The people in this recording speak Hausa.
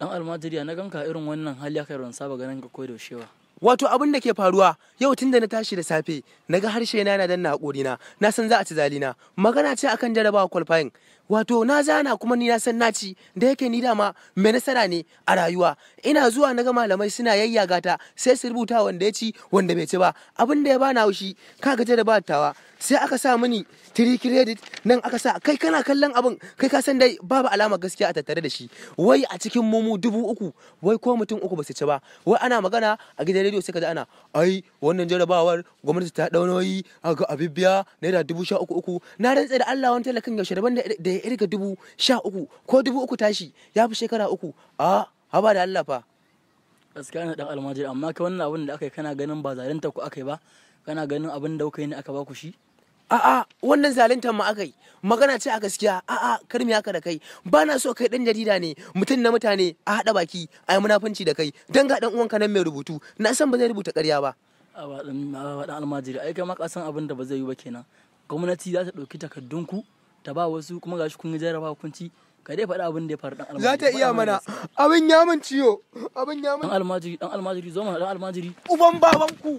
dan almajiriya na ganka irin wannan hali aka ran saba ganin ka da shewa wato abin da ke faruwa yau tun da na tashi da safe na ga harshe na yana danna hakori na na san za a ci zalina magana ce akan jarabawa qualifying wato na zana kuma ni na san na ci da yake ni dama mai nasara ne a rayuwa ina zuwa na ga malamai suna yayyagata, sai su rubuta wanda ya ci wanda bai ci ba abin da ya bana haushi kaga jarabawa tawa sai aka sa mini tiri credit nan aka sa kai kana kallon abin kai ka san dai babu alama gaskiya a tattare da shi wai a cikin mumu dubu uku wai ko mutum uku ba su ci ba wai ana magana a gidan rediyo sai ka ji ana ai wannan jarabawar gwamnati ta dau yi a ga abibiya naira dubu sha uku uku na rantsa da Allah wani talakan yaushe daban da ya irga dubu sha uku ko dubu uku tashi ya fi shekara uku a haba da Allah fa gaskiya na dan almajiri amma kai wannan abin da aka yi kana ganin ba zalunta ku aka yi ba kana ganin abin da kuka yi ne aka ba ku shi a'a wannan zaluntar aka akai magana ce a gaskiya a'a kar mi haka da kai ba na so kai dan jarida ne mutum na mutane a haɗa baki a yi munafunci da kai dan ga dan uwanka nan mai rubutu na san ba zai rubuta ƙarya ba a dan almajiri ai kai ma ka san abin da ba zai yi ba kenan gwamnati za ta ɗauki ku ta ba wasu kuma gashi kun yi jarraba hukunci ka dai faɗi abin da ya faru dan almajiri za ta iya mana abin ya mun ciyo abin ya mun dan almajiri dan almajiri zo mana dan almajiri uban babanku